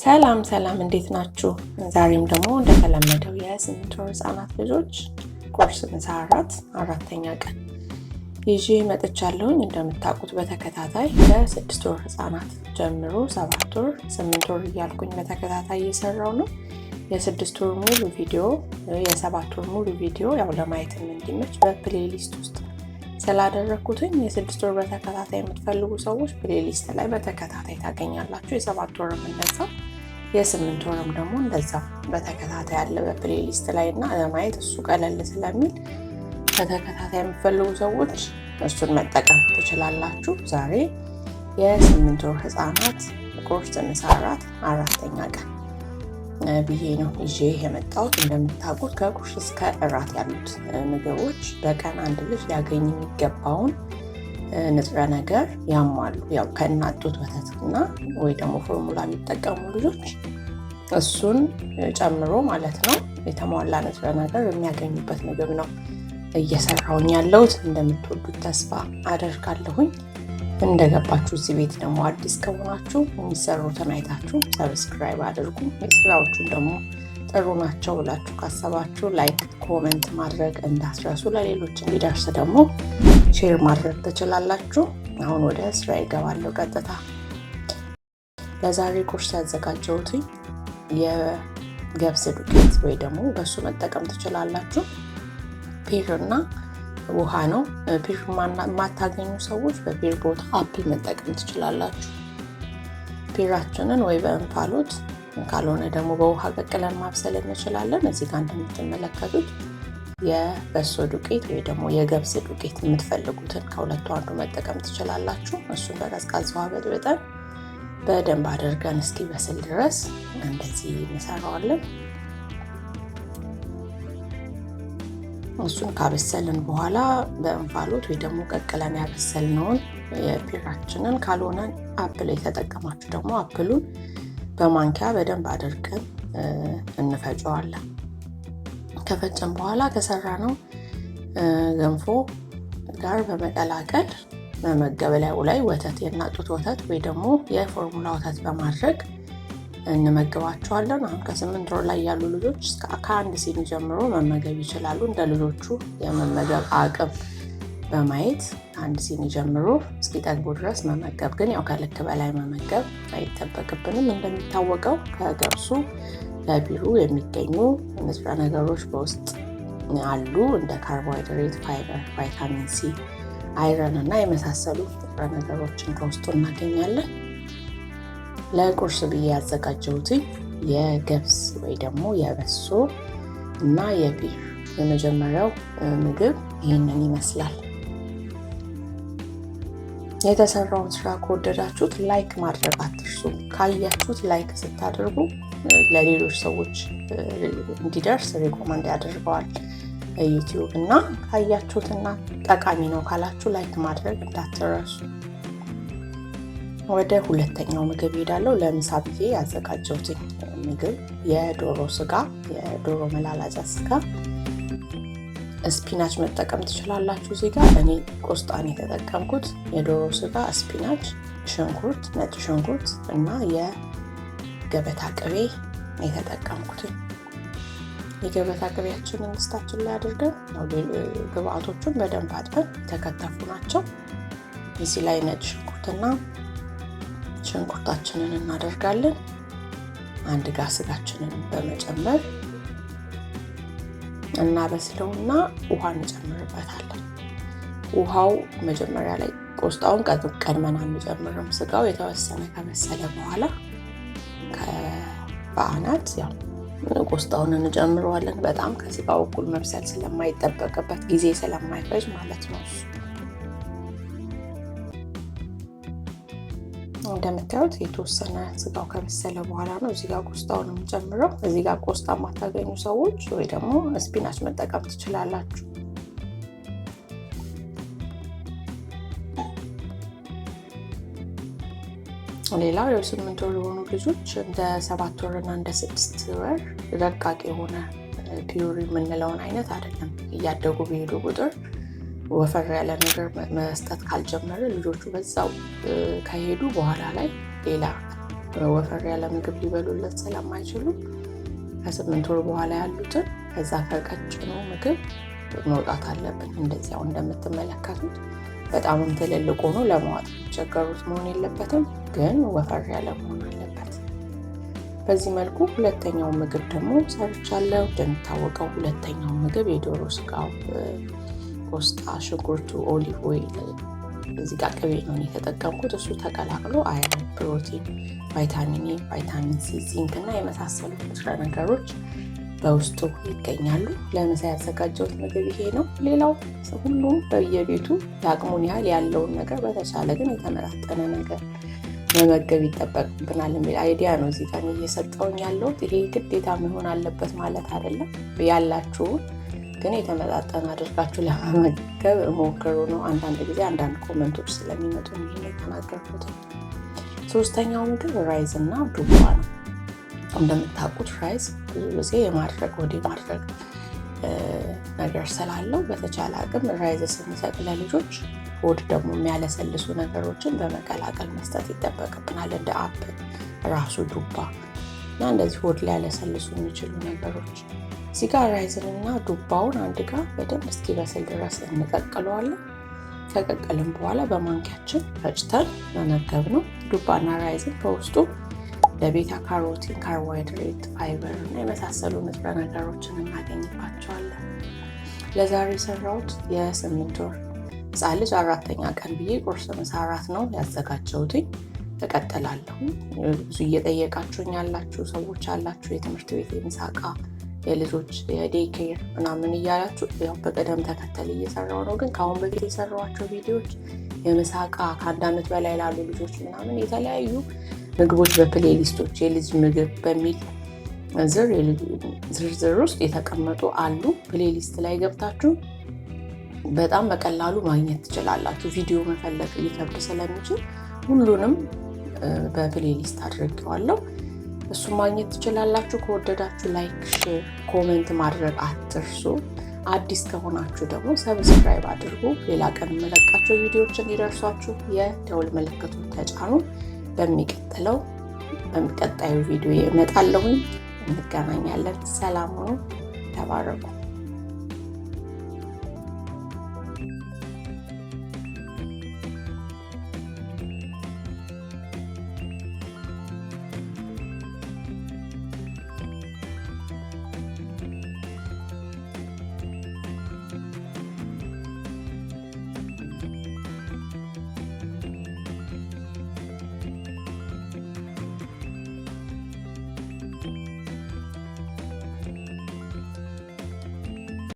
ሰላም ሰላም፣ እንዴት ናችሁ? ዛሬም ደግሞ እንደተለመደው የስምንት ወር ህፃናት ልጆች ቁርስ፣ ምሳ፣ እራት አራተኛ ቀን ይዤ መጥቻለሁኝ። እንደምታውቁት በተከታታይ ከስድስት ወር ህፃናት ጀምሮ ሰባት ወር፣ ስምንት ወር እያልኩኝ በተከታታይ እየሰራው ነው። የስድስት ወር ሙሉ ቪዲዮ፣ የሰባት ወር ሙሉ ቪዲዮ ያው ለማየትም እንዲመች በፕሌሊስት ውስጥ ስላደረግኩትኝ የስድስት ወር በተከታታይ የምትፈልጉ ሰዎች ፕሌሊስት ላይ በተከታታይ ታገኛላችሁ። የሰባት ወር የምንነሳ የስምንት ሆኖም ደግሞ እንደዛ በተከታታይ አለ በፕሌሊስት ላይ እና ለማየት እሱ ቀለል ስለሚል በተከታታይ የሚፈልጉ ሰዎች እሱን መጠቀም ትችላላችሁ። ዛሬ የስምንት ወር ህፃናት ቁርስ፣ ምሳ፣ እራት አራተኛ ቀን ብዬ ነው ይዤ የመጣሁት። እንደምታውቁት ከቁርስ እስከ እራት ያሉት ምግቦች በቀን አንድ ልጅ ሊያገኝ የሚገባውን ንጥረ ነገር ያሟሉ ያው ከእናት ወተትና ወይ ደግሞ ፎርሙላ የሚጠቀሙ ልጆች እሱን ጨምሮ ማለት ነው የተሟላ ንጥረ ነገር የሚያገኙበት ምግብ ነው እየሰራሁኝ ያለሁት። እንደምትወዱት ተስፋ አደርጋለሁኝ። እንደገባችሁ እዚህ ቤት ደግሞ አዲስ ከሆናችሁ የሚሰሩትን አይታችሁ ሰብስክራይብ አድርጉ። የስራዎቹን ደግሞ ጥሩ ናቸው ብላችሁ ካሰባችሁ ላይክ፣ ኮመንት ማድረግ እንዳትረሱ። ለሌሎች እንዲደርስ ደግሞ ሼር ማድረግ ትችላላችሁ። አሁን ወደ ስራ ይገባለሁ ቀጥታ። ለዛሬ ቁርስ ያዘጋጀሁት የገብስ ዱቄት ወይ ደግሞ በሱ መጠቀም ትችላላችሁ። ፒር እና ውሃ ነው። ፒር የማታገኙ ሰዎች በፒር ቦታ አፕል መጠቀም ትችላላችሁ። ፒራችንን ወይ በእንፋሎት ካልሆነ ደግሞ በውሃ ቀቅለን ማብሰል እንችላለን። እዚህ ጋር እንደምትመለከቱት የበሶ ዱቄት ወይ ደግሞ የገብስ ዱቄት የምትፈልጉትን ከሁለቱ አንዱ መጠቀም ትችላላችሁ። እሱን በቀዝቃዛ ውሃ በጥብጠን በደንብ አድርገን እስኪበስል ድረስ እንደዚህ እንሰራዋለን። እሱን ካበሰልን በኋላ በእንፋሎት ወይ ደግሞ ቀቅለን ያበሰልነውን የፒራችንን ካልሆነ አፕል የተጠቀማችሁ ደግሞ አፕሉን በማንኪያ በደንብ አድርገን እንፈጨዋለን። ከፈጨን በኋላ ከሰራ ነው ገንፎ ጋር በመቀላቀል መመገብ ላይ ወተት የናጡት ወተት ወይ ደግሞ የፎርሙላ ወተት በማድረግ እንመግባቸዋለን። አሁን ከስምንት ወር ላይ ያሉ ልጆች ከአንድ ሲኒ ጀምሮ መመገብ ይችላሉ። እንደ ልጆቹ የመመገብ አቅም በማየት አንድ ሲኒ ጀምሮ እስኪጠግቡ ድረስ መመገብ ግን ያው ከልክ በላይ መመገብ አይጠበቅብንም። እንደሚታወቀው ከገብሱ በቢሩ የሚገኙ ንጥረ ነገሮች በውስጥ አሉ። እንደ ካርቦሃይድሬት፣ ፋይበር፣ ቫይታሚን ሲ፣ አይረን እና የመሳሰሉ ንጥረ ነገሮችን ከውስጡ እናገኛለን። ለቁርስ ብዬ ያዘጋጀሁት የገብስ ወይ ደግሞ የበሶ እና የቢር የመጀመሪያው ምግብ ይህንን ይመስላል። የተሰራውን ስራ ከወደዳችሁት ላይክ ማድረግ አትርሱ። ካያችሁት ላይክ ስታደርጉ ለሌሎች ሰዎች እንዲደርስ ሪኮመንድ ያደርገዋል ዩቲዩብ። እና ካያችሁትና ጠቃሚ ነው ካላችሁ ላይክ ማድረግ እንዳትረሱ። ወደ ሁለተኛው ምግብ ሄዳለው ለምሳ ብዬ ያዘጋጀሁትኝ ምግብ የዶሮ ስጋ፣ የዶሮ መላላጫ ስጋ ስፒናች መጠቀም ትችላላችሁ። እዚህ ጋር እኔ ቆስጣን የተጠቀምኩት የዶሮ ስጋ፣ ስፒናች፣ ሽንኩርት፣ ነጭ ሽንኩርት እና የገበታ ቅቤ የተጠቀምኩትን። የገበታ ቅቤያችንን መንግስታችን ላይ አድርገን ግብአቶቹን በደንብ አጥበን የተከተፉ ናቸው። እዚህ ላይ ነጭ ሽንኩርትና ሽንኩርታችንን እናደርጋለን። አንድ ጋ ስጋችንን በመጨመር እናበስለውና ውሃ እንጨምርበታለን። ውሃው መጀመሪያ ላይ ቆስጣውን ቀድመን አንጨምርም። ስጋው የተወሰነ ከመሰለ በኋላ በአናት ያው ቆስጣውን እንጨምረዋለን። በጣም ከዚህ ጋር እኩል መብሰል ስለማይጠበቅበት ጊዜ ስለማይፈጅ ማለት ነው። እንደምታዩት የተወሰነ ስጋው ከበሰለ በኋላ ነው እዚጋ ጋር ቆስጣውን የምጨምረው። እዚጋ ቆስጣ ማታገኙ ሰዎች ወይ ደግሞ ስፒናች መጠቀም ትችላላችሁ። ሌላው የወር ወር የሆኑ ልጆች እንደ ሰባት ወር እና እንደ ስድስት ወር ረቃቅ የሆነ ፒዩሪ የምንለውን አይነት አይደለም። እያደጉ በሄዱ ቁጥር ወፈር ያለ ነገር መስጠት ካልጀመረ ልጆቹ በዛው ከሄዱ በኋላ ላይ ሌላ ወፈር ያለ ምግብ ሊበሉለት ስለማይችሉ ከስምንት ወር በኋላ ያሉትን ከዛ ከቀጭኑ ምግብ መውጣት አለብን። እንደዚያው እንደምትመለከቱት በጣምም ትልልቅ ሆኖ ለመዋጥ የሚቸገሩት መሆን የለበትም፣ ግን ወፈር ያለ መሆን አለበት። በዚህ መልኩ ሁለተኛው ምግብ ደግሞ ሰርቻለሁ። እንደሚታወቀው ሁለተኛው ምግብ የዶሮ ስጋው ቆስጣ፣ ሽንኩርቱ፣ ኦሊቭ ኦይል እዚህ ጋር ቅቤ ነው የተጠቀምኩት። እሱ ተቀላቅሎ አይረን፣ ፕሮቲን፣ ቫይታሚን ኤ፣ ቫይታሚን ሲ፣ ዚንክ እና የመሳሰሉት ንጥረ ነገሮች በውስጡ ይገኛሉ። ለምሳ ያዘጋጀውት ምግብ ይሄ ነው። ሌላው ሁሉም በየቤቱ የአቅሙን ያህል ያለውን ነገር በተቻለ ግን የተመጣጠነ ነገር መመገብ ይጠበቅብናል የሚል አይዲያ ነው እዚህ ጋር እየሰጠውኝ ያለሁት። ይሄ ግዴታ መሆን አለበት ማለት አይደለም። ያላችሁን ግን የተመጣጠነ አድርጋችሁ ለመመገብ ሞክሩ ነው። አንዳንድ ጊዜ አንዳንድ ኮመንቶች ስለሚመጡ ይሄ የተናገርኩት። ሶስተኛው ምግብ ራይዝ እና ዱባ ነው። እንደምታውቁት ራይዝ ብዙ ጊዜ የማድረግ ወደ ማድረግ ነገር ስላለው በተቻለ አቅም ራይዝ ስንሰጥ ለልጆች ሆድ ደግሞ የሚያለሰልሱ ነገሮችን በመቀላቀል መስጠት ይጠበቅብናል። እንደ አፕ ራሱ ዱባ እና እንደዚህ ሆድ ሊያለሰልሱ የሚችሉ ነገሮች እዚህ ጋር ራይዝን እና ዱባውን አንድ ጋር በደንብ እስኪበስል ድረስ እንቀቅለዋለን። ከቀቀልም በኋላ በማንኪያችን ፈጭተን መመገብ ነው። ዱባና ራይዝን በውስጡ ለቤታ ካሮቲን፣ ካርቦሃይድሬት፣ ፋይበር እና የመሳሰሉ ንጥረ ነገሮችን እናገኝባቸዋለን። ለዛሬ የሰራሁት የስምንት ወር ህፃን ልጅ አራተኛ ቀን ብዬ ቁርስ፣ ምሳ፣ እራት ነው ያዘጋጀሁትኝ። እቀጥላለሁ። ብዙ እየጠየቃችሁኝ ያላችሁ ሰዎች አላችሁ የትምህርት ቤት የምሳ እቃ የልጆች የዴኬር ምናምን እያላችሁ ያው በቅደም ተከተል እየሰራው ነው። ግን ከአሁን በፊት የሰራኋቸው ቪዲዮዎች የምሳ እቃ ከአንድ ዓመት በላይ ላሉ ልጆች ምናምን የተለያዩ ምግቦች በፕሌሊስቶች የልጅ ምግብ በሚል ዝርዝር ውስጥ የተቀመጡ አሉ። ፕሌሊስት ላይ ገብታችሁ በጣም በቀላሉ ማግኘት ትችላላችሁ። ቪዲዮ መፈለግ ሊከብድ ስለሚችል ሁሉንም በፕሌሊስት አድርጌዋለሁ። እሱ ማግኘት ትችላላችሁ። ከወደዳችሁ ላይክ፣ ሼር፣ ኮሜንት ማድረግ አትርሱ። አዲስ ከሆናችሁ ደግሞ ሰብስክራይብ አድርጉ። ሌላ ቀን የምለቃቸው ቪዲዮዎች እንዲደርሷችሁ የደውል ምልክቱን ተጫኑ። በሚቀጥለው በሚቀጣዩ ቪዲዮ እመጣለሁኝ። እንገናኛለን። ሰላም ሁኑ። ተባረኩ።